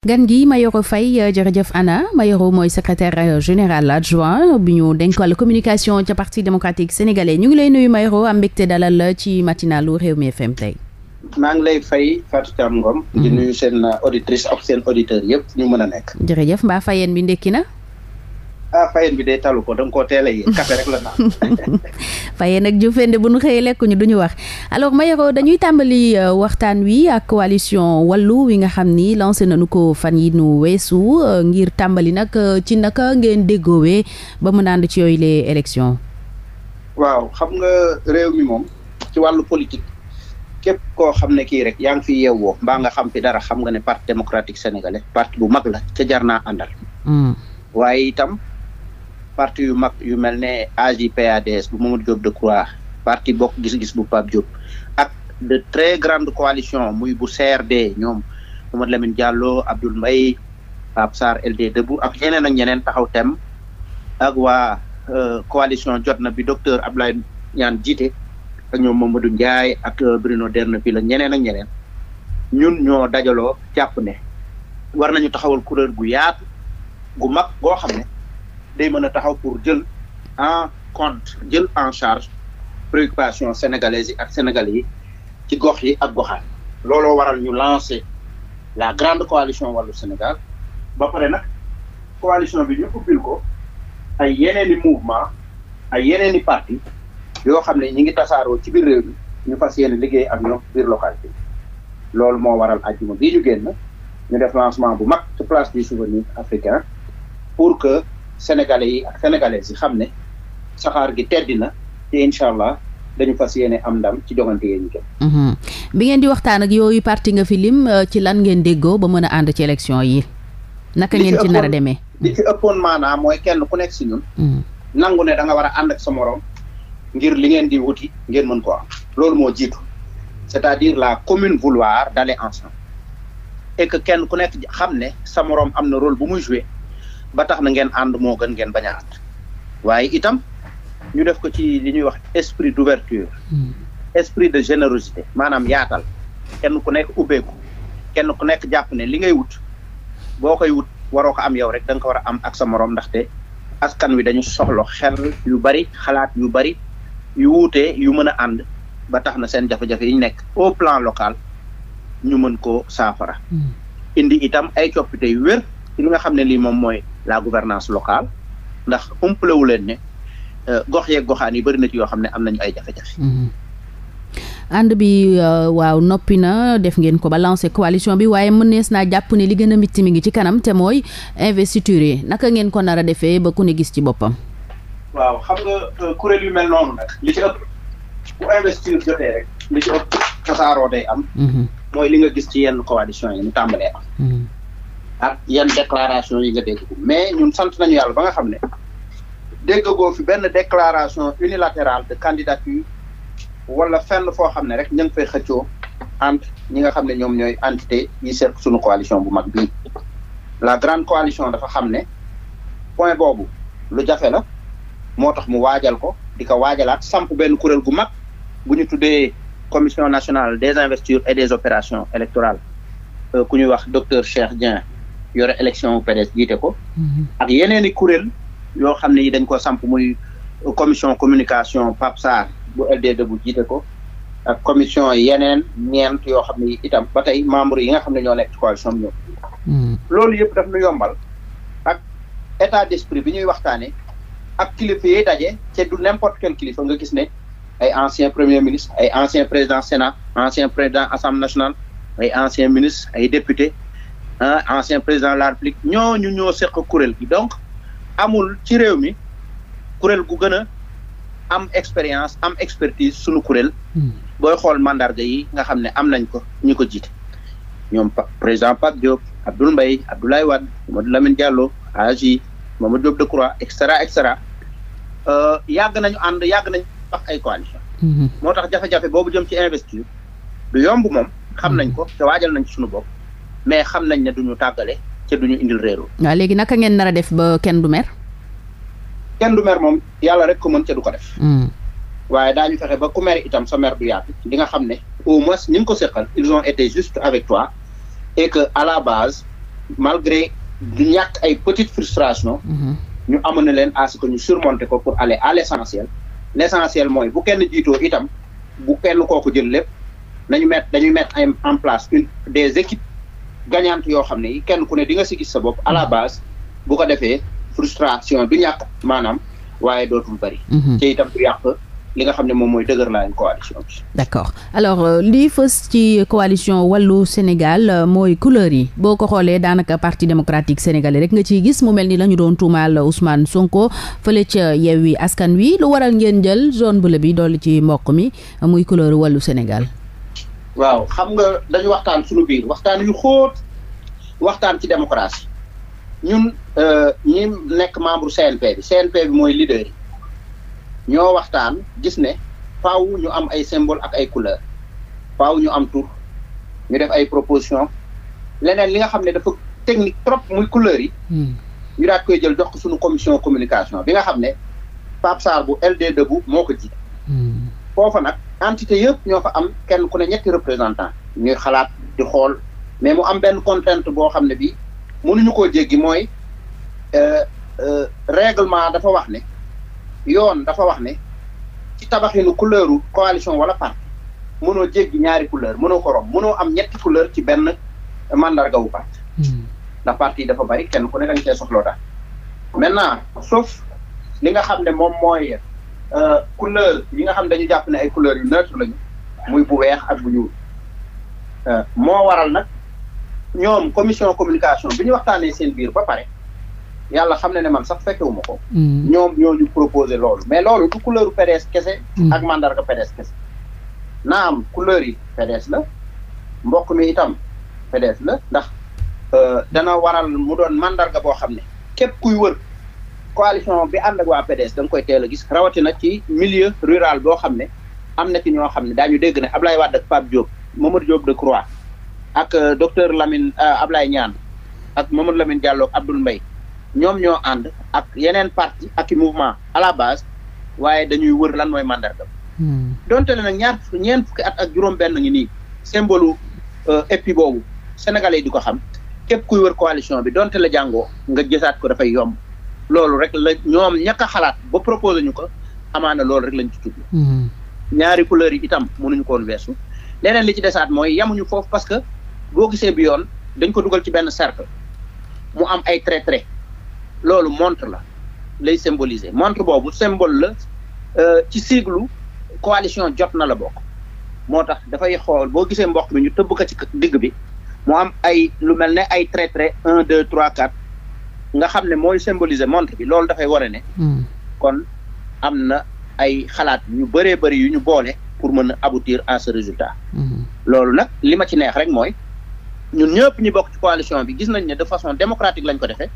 gan gi Mayoro fay euh, jërëjëf Anna Mayoro mooy secrétaire euh, général adjoint bi ñu dénk wàllu communication ca parti démocratique sénégalais ñu ngi lay nuyu Mayoro am mbégte dalal ci matinalu Rewmi FM tey. maa ngi lay fay Fatou Thiam Ngom. di mhm. nuyu seen euh, auditrice ak seen auditeur yëpp ñu mën nekk. jërëjëf mbaa fayeen bi ndekki na. ah Fayeen bi day talu ko da nga koo teel a yee café rek la naan. Fayeen ak Juufeen bu nu xëyee lekkuñu du ñu wax alors Mayoro dañuy tàmbali euh, waxtaan wi ak coalition wàllu wi nga xam ni lancé nañu ko fan yi nu weesu euh, ngir tàmbali nag euh, ci naka ngeen déggoowee ba mu naan ci yooyu les élections. waaw xam nga réew mi moom ci wàllu politique képp koo xam ne kii rek yaa ngi fi yeewoo mbaa nga xam fi dara xam nga ne parti démocratique sénégalais parti bu mag la ca jar naa àndal. Mm. parti yu mag yu mel ne AJ/PADS bu Mamadou de Decroix parti bokk gis-gis bu Pape Diop ak de très grande coalition muy bu CRD ñoom Mamadou Lamine Diallo Abdoul Mbaye Pape Sarr LD Debout ak ñeneen ak ñeneen taxaw tem ak waa euh, coalition jot na bi docteur abla ñaan jiite ak ñoom Mamadou Ndiaye ak euh, Bruno Derneville la ñeneen ak ñeneen ñun ñoo dajaloo jàpp ne war nañu taxawal kuréel gu yaatu gu mag goo xam ne day mën a taxaw pour jël en compte jël en charge préoccupation sénégalaises yi ak sénégal yi ci gox yi ak goxaan looloo waral ñu lancer la grande coalition wàllu Sénégal ba pare nag coalition bi ñu ubbil ko ay yeneen i mouvement ay yeneen i parti yoo xam ne ñi ngi tasaaroo ci biir réew mi ñu fas yéene liggéey ak ñoom biir localité loolu moo waral ajjuma bii ñu génn ñu def lancement bu mag ci place du souvenir africain pour que sénégalais yi ak sénégalaises yi xam ne saxaar gi teddi na te incha allah dañu fas yéene am ndam ci joŋante yee mhm. bi ngeen di waxtaan ak yooyu parti nga fi lim euh, ci lan ngeen déggoo ba mën a ànd ci yi. naka ngeen ci nar a demee li ci ëppoon maanaam mooy kenn ku nekk si ñun. Mhm. nangu ne da nga war a ànd ak sa morom ngir li ngeen di wuti ngeen mën ko am. loolu moo jiitu c'est-à-dire la commune vouloir d'aller ensemble et que kenn ku nekk xam ne sa morom am na rôle bu muy jouer ba tax na ngeen ànd moo gën ngeen bañ a waaye itam ñu def ko ci li ñuy wax esprit d'ouverture hmm. esprit de générosité maanaam yaatal kenn ku nekk ubbeeku kenn ku nekk jàpp ne li ngay wut boo koy wut waroo ko am yow rek da nga ko war a am ak sa moroom ndaxte askan wi dañu soxla xel yu bari xalaat yu bari yu wuute yu mën a ànd ba tax na seen jafe-jafe yi nekk au plan local ñu mën koo saafara hmm. indi itam ay coppite yu wér ci li nga xam ne lii moom mooy la gouvernance locale ndax umpalewu leen ne euh, gox yeeg goxaan yi bëri yoo xam ne am nañu ay jafe-jafe. Mm-hmm. ànd bi euh, waaw noppi na def ngeen ko ba lancé coalition bi waaye mënees naa jàpp ne li gën a mitti mi ngi ci kanam te mooy investiture yi naka ngeen ko nar a defee ba ku ne gis ci boppam. waaw xam nga euh, kuréel yu mel noonu nag li ci ëpp bu investir jotee rek li ci ëpp tasaaroo day am. Mm-hmm. mooy li nga gis ci yenn coalition yi mu ah yenn déclaration yi nga dégg mais ñun sant nañu yàlla ba nga xam ne ko fi benn déclaration unilatérale de candidature wala fenn foo xam ne rek ña ngi fay xëccoo entre ñi nga xam ne ñoom ñooy entité yi seq suñu coalition bu mag bii la grande coalition dafa xam ne point boobu lu jafe la moo tax mu waajal ko di ko waajalaat samp benn kuréel gu mag bu ñu tuddee commission nationale des investitures et des opérations électorales euh, ku ñuy wax docteur Cheikh Dieng yore élection PDS jiite ko. Mhm. ak yeneen i kuréel yoo xam ne yi dañ ko samp muy commission communication Pape Sarr bu LDD bu jiite ko. ak commission yeneen ñeent yoo xam ne itam ba tey membres yi nga xam ne ñoo nekk ci coalition ñoo mhm. loolu yëpp daf nu yombal ak état d'esprit bi ñuy waxtaanee ak kilifa yi daje te du n'importe quel kilifa nga gis ne ay ancien premier ministre ay ancien président sénat ancien président assemblée nationale ay ancien ministre ay député ancien président de la République ñooñu ñoo seq kuréel gi donc amul ci réew mi kuréel gu gën a am expérience am expertise sunu kuréel. Hmm. booy xool mandarga yi nga xam ne am nañ ko ñu ko jiite. ñoom président Pape Diop Abdoul Mbaye Abdoulaye Wade Mamadou Lamine Diallo AJ Mamadou Diop Decroix et cetera et cetera euh, yàgg nañu ànd yàgg nañu wax ay coalition hmm. moo tax jafe-jafe boobu jëm ci investiture du yomb moom xam nañ ko te waajal nañ ci sunu bopp. mais xam nañ ne duñu tàggale du ñu indil réeru waaw léegi naka ngeen nar def ba kenn du mer kenn du mer moom yàlla rek ko mën ca du ko def hmm. waaye ñu fexe ba ku mer itam sa mer du yàgg di nga xam ne au mois ni ko seqal ils ont été juste avec toi et que à la base malgré du ñàkk ay petites frustrations hmm. ñu amoon leen à ce que ñu surmonter ko pour aller à l' essentiel mooy bu kenn jiitoo itam bu kenn kooku jël lépp nañu mettre dañuy mettre en place des équipes gagnante yoo xam ne kenn ku ne di si gis sa bopp à la mm-hmm. base bu ko defee frustration du ñàkk maanaam waaye dootul bëri. Mm-hmm. te itam du yàq li nga xam ne moom mooy dëgër laañ coalition bi. d'accord alors euh, lii fës ci coalition wallu Sénégal euh, mooy couleur yi boo ko xoolee daanaka parti démocratique sénégalais rek nga ciy gis mu mel ni la ñu doon tuumaal Ousmane Sonko fële ca yi Askan Wi lu waral ngeen jël zone bleue bi dolli ci mboq mi euh, muy couleur wàllu Sénégal. waaw xam nga dañu waxtaan suñu biir waxtaan yu xóot waxtaan ci démocratie ñun euh, ñi nekk membre CNP bi CNP bi mooy leader yi ñoo waxtaan gis ne faaw ñu am ay symbole ak ay couleur paw ñu am tur ñu def ay proposition leneen li nga xam ne dafa technique trop muy couleur yi hmm. ñu daat koy jël jox ko suñu commission communication bi nga xam ne Pape Sarr bu LD Debout moo ko jiite hmm. foofa nag entité yëpp ñoo fa am kenn ku ne ñetti représentant ñuy xalaat di xool mais mu am benn contrainte boo xam ne bii mënuñu koo jéggi mooy euh, euh, règlement dafa wax ne yoon dafa wax ne ci tabaxinu couleuru coalition wala parti mënoo jéggi ñaari couleur mënoo ko romb mënoo am ñetti couleur ci benn mandarga wu parti hmm. ndax parti yi dafa bari kenn ku ne da nga cee soxloo daal maintenant sauf li nga xam ne moom mooy Euh, couleur yi nga xam dañu jàpp ne ay couleurs yu neutre lañu muy bu weex ak bu ñuul euh, moo waral nag ñoom commission communication bi ñu waxtaanee seen biir ba pare yàlla xam na ne man sax fekkewu ma ko. Hmm. ñoom ñoo ñu proposé loolu mais loolu du couleur PDS kese. Hmm. ak mandarga PDS kese. naam couleur yi PDS la mbokk mi itam PDS la ndax euh, dana waral mu doon mandarga boo xam ne képp kuy wër. coalition bi ànd ak waa PDS da koy teel a gis rawatina ci milieu rural boo xam ne am na ci ñoo xam ne daañu dégg ne Ablaye Wade ak Pape Diop Mamadou Diop de Croix ak euh, docteur Lamine euh, Ablaye ñaan ak Mamadou Lamine Diallo ak Abdoul Mbaye ñoom ñoo ànd ak yeneen parti ak i mouvement à la base waaye dañuy wër lan mooy mandarga. Hmm. donte ne nag ñaar ñeent fukki at ak juróom-benn ngi nii symbole euh, épi boobu sénégalais yi di ko xam képp kuy wër coalition bi donte la jàngoo nga gisaat ko dafay yomb. loolu rek la ñoom ñàkk a xalaat ba proposé ñu ko amaana loolu rek lañ ci jublu mhm. ñaari couleurs yi itam mënuñu ko woon weesu leneen li ci desaat mooy yamuñu foofu parce que boo gisee bi yoon dañ ko dugal ci benn cercle mu am ay trait loolu montre la lay symboliser montre boobu symbole la euh, ci siglu coalition jot na la bokk moo tax dafay xool boo gisee mboq bi ñu tëbb ko ci digg bi mu am ay lu mel ne ay trait un deux trois quatre nga xam ne mooy symboliser montre bi loolu dafay wane ne. Hmm. kon am na ay xalaat ñu bëree bëri yu ñu boole pour mën a aboutir à ce résultat. Hmm. loolu nag li ma ci neex rek mooy ñun ñëpp ñu bokk ci coalition bi gis nañ ne de façon démocratique lañ ko defee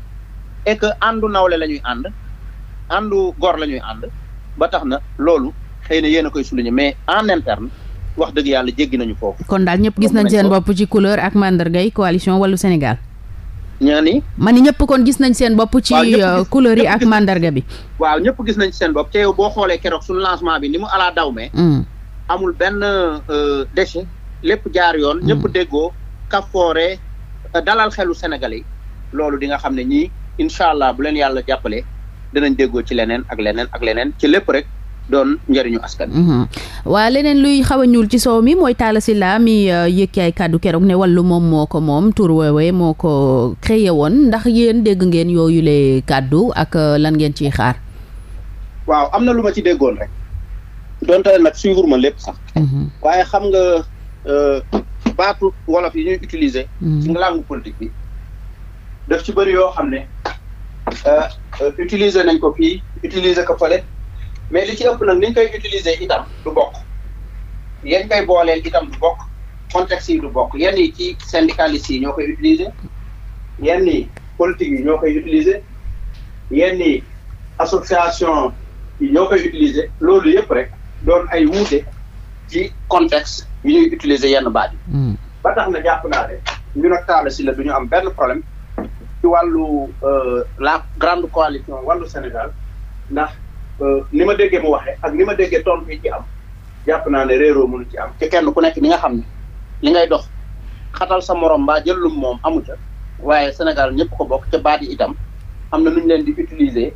et que àndu nawle la ñuy ànd àndu gor la ñuy ànd ba tax na loolu xëy na yéen a koy souligner mais en interne. wax dëgg yàlla jéggi nañu foofu. kon daal ñëpp gis nañ seen bopp ci couleur ak mandargay coalition wàllu Sénégal. ñaani ma ni ñëpp kon gis nañ seen bopp ci euh, couleur yi ak mandarga bi waaw ñëpp gis nañ seen bopp te yow boo xoolee keroog suñu lancement bi ni mu alaa daw mee mm. amul benn euh, déchet lépp jaar yoon mm. ñëpp déggoo kafoore euh, dalal xelu Sénégalais yi loolu di nga xam ne ñi incha allah bu leen yàlla jàppalee danañ déggoo ci leneen ak leneen ak leneen ci lépp rek doon njëriñu askan mhm. waa leneen luy xaw a ñuul ci soow mi mooy Talla Sylla mi euh, yëkki ay kàddu keroog ne wàllu moom moo ko moom tur woowee moo ko créé woon ndax yéen dégg ngeen yooyu le kàddu ak euh, lan ngeen ci xaar waaw am na lu ma ci déggoon rek donte nag suivre ma lépp sax mhm. waaye xam nga euh, baatu wolof yi ñuy utiliser mhm. ci nga langue politique bi daf ci bëri yoo xam ne utiliser nañ ko fii utiliser ko fële mais li ci ëpp nag ni koy utiliser itam du bokk yéen koy booleel itam du bokk contexte yi du bokk yenn yi ci syndicalistes yi ñoo koy utiliser yenn yi politique yi ñoo koy utiliser yenn yi association yi ñoo loolu yëpp rek doon ay wuute ci contexte yi ñuy utiliser yenn baat yi. Hmm. ba tax na jàpp naa de ñu nag taala si la du ñu am benn problème ci wàllu euh, la grande coalition wàllu Sénégal ndax. ni ma déggee mu waxee ak ni ma déggee tontu yi ci am jàpp naa ne réeroo mënu ci am ci kenn ku nekk ni nga xam ne li ngay dox xatal sa morom mbaa jël lum moom amu ca waaye Sénégal ñëpp ko bokk ca baat yi itam am na nu ñu leen di utiliser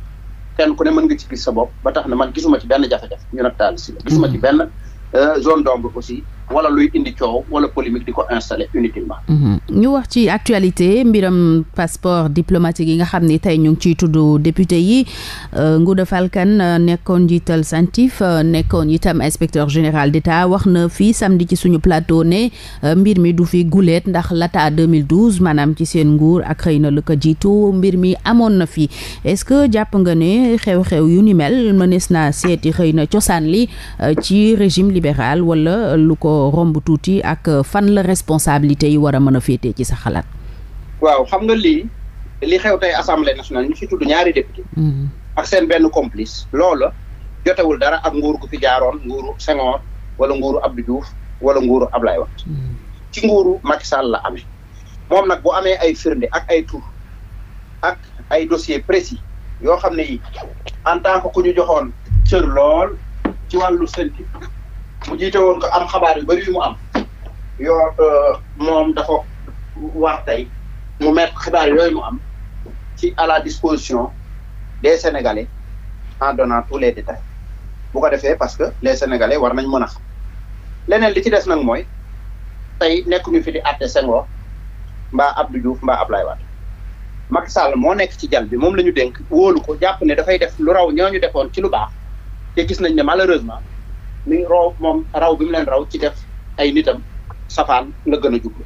kenn ku ne mën nga ci gis sa bopp ba tax na man gisuma ci benn jafe-jafe ñu nag taal si la gisuma ci benn euh, zone d'ombre aussi wala luy indi coow wala polémique di ko installé inutilement. Mhm. ñu wax ci actualité mbiram passeport diplomatique yi nga xam ni tey ñu ngi ciy tudd député yi ngu Fall Kane nekkoon njiital Centif euh, nekkoon itam inspecteur général d'État wax na fii samedi ci suñu plateau ne euh, mbir mi du fi guleet ndax lata 2012 maanaam ci seen nguur ak xëy na lu ko jiitu mbir mi amoon na fi est-ce que jàpp nga ne xew-xew yu ni mel mënees naa seeti xëy na cosaan li euh, ci régime libéral wala ko romb tuuti ak euh, fan la responsabilité yi war a mën a féetee ci sa xalaat. waaw xam nga lii li xew tey assemblée nationale ñu fi tudd ñaari député. Mm-hmm. ak seen benn complice. loola jotewul dara ak nguur gu fi jaaroon nguuru Senghor wala nguuru Abdou Diouf wala nguuru Ablaye Wade. Mm-hmm. ci nguuru Macky Sall la amee. moom nag bu amee ay firnde ak ay tur ak ay dossiers précis yoo xam ne yi en tant que ku ñu joxoon cër lool ci wàllu seen mu jiite woon ko am xabaar yu bëri yu mu am yoo euh, moom dafa war tey mu mettre xibaar yooyu mu am ci à la disposition des sénégalais en donnant tous les détails bu ko defee parce que les sénégalais war nañ mën a xam leneen li ci des nag mooy tey nekkuñu fi di àtte Senghor mbaa Abdou Diouf mbaa Ablaye Wade Macky Sall moo nekk ci jal bi moom la ñu dénk wóolu ko jàpp ne dafay def lu raw ñooñu defoon ci lu baax te gis nañ ne malheureusement mi ngi moom raw bi mu leen raw ci def ay nitam safaan la gën a jublu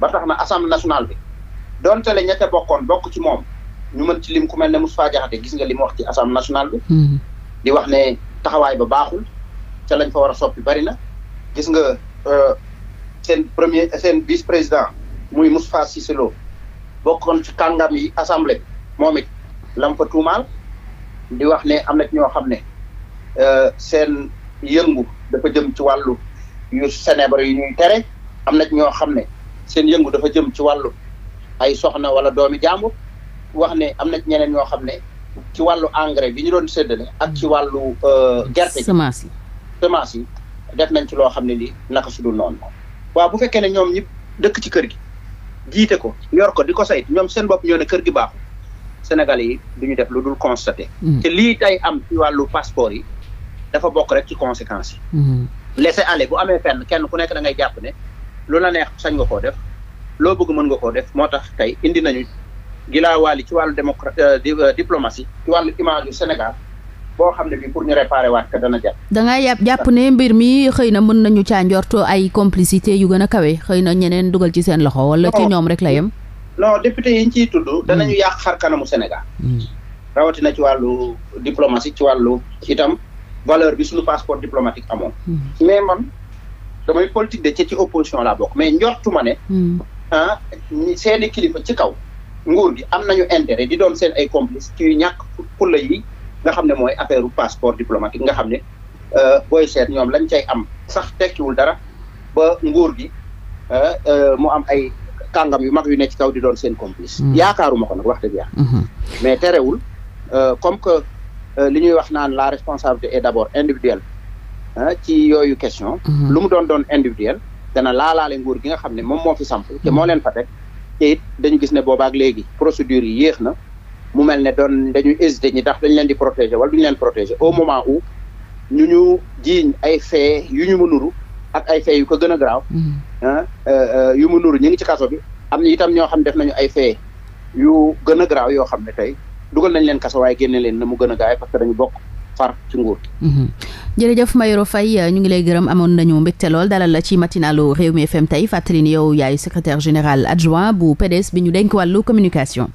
ba tax na assemblée nationale bi donte le ñette bokkoon bokk ci moom ñu mën ci lim ku mel ne Moustapha Diakhaté gis nga li mu wax ci assemblée nationale bi hmm. di wax ne taxawaay ba baaxul ca lañ fa war a soppi bari na gis nga euh, seen premier seen vice président muy Moustapha Cissé Lo bokkoon ci kàngam yi assemblée bi moom it lam fa tuumaal di wax ne am na ñoo xam ne euh, seen yëngu dafa jëm ci wàllu yu sénébar yu ñuy tere am na ñoo xam ne seen yëngu dafa jëm ci wàllu ay soxna wala doomi jàmbur wax ne am nañ ñeneen ñoo xam ne ci wàllu engrais bi ñu doon séddale ak ci wàllu euh, gerte semence yi semence yi def nañ ci loo xam ne ni naka su dul noonu waaw bu fekkee ne ñoom ñi dëkk ci kër gi jiite ko yor ko di ko sayt ñoom seen bopp ñoo ne kër gi baaxu Sénégal yi du ñu def lu dul constaté mm. te lii tey am ci wàllu passeport yi dafa bokk rek ci conséquence yi. Hmm. laisser aller bu amee fenn kenn ku nekk da ngay jàpp ne lu la neex sañ nga koo def loo bëgg mën nga koo def moo tax tey indi nañu gilaawaali ci wàllu démocra euh, euh, diplomatie ci wàllu image yu Sénégal boo xam ne bi pour ñu réparer waat ka dana jàpp. da ngay yàpp jàpp ne mbir mi xëy na mën nañu caa njorto ay complicité yu gën a kawe xëy na ñeneen dugal ci seen loxo. wala ci ñoom rek la yem. non député yi ñu ciy tudd. Hmm. danañu yàq xar kanamu Sénégal. Hmm. rawatina ci wàllu diplomatie ci wàllu itam valeur bi suñu passeport diplomatique amoon. Hmm. mais man damay politique de ci ci opposition laa bokk mais njortu ne. Hmm. ah seeni kilifa ci kaw nguur gi am nañu intérêt di doon seen ay complice ci ñàkk pour la yi nga xam ne mooy affaire passeport diplomatique nga xam ne euh, booy seet ñoom lañ cay am sax tekkiwul dara ba nguur gi euh, euh, mu am ay. kàngam yu mag yu ne ci kaw di doon seen complice hmm. yaakaaruma ko nag wax dëgg yàlla mais terewul comme que Euh, li ñuy wax naan la responsabilité est d'abord individuelle ci yooyu question mhm. lu mu doon doon individuel dana laalaale nguur gi nga xam ne moom moo fi samp te moo mhm. leen fa teg te it dañu gis ne boobaak léegi procédure yi yéex na mu mel ne doon dañuy hésité ñi ndax dañ leen di protéger wala duñu leen protéger au moment où ñu ñu jiiñ ay fee yu ñu ma nuru ak ay fee yu ko gën a garaaw mhm. euh, euh, yu ma nuru ñu ngi ci kaso bi am na itam ñoo xam ne def nañu ay fee yu gën a garaaw yoo xam ne tey dugal nañ leen kaso waaye génne leen na mu gën a gaawee parce que dañu bokk far ci nguur gi. Mhm. jërëjëf Mayoro fay ñu ngi lay gërëm amoon nañu mbégte lool dalal la ci matinalu Rewmi FM tey fàttali ni yow yaay secretaire général adjoint bu PDS bi ñu denk wàllu communication.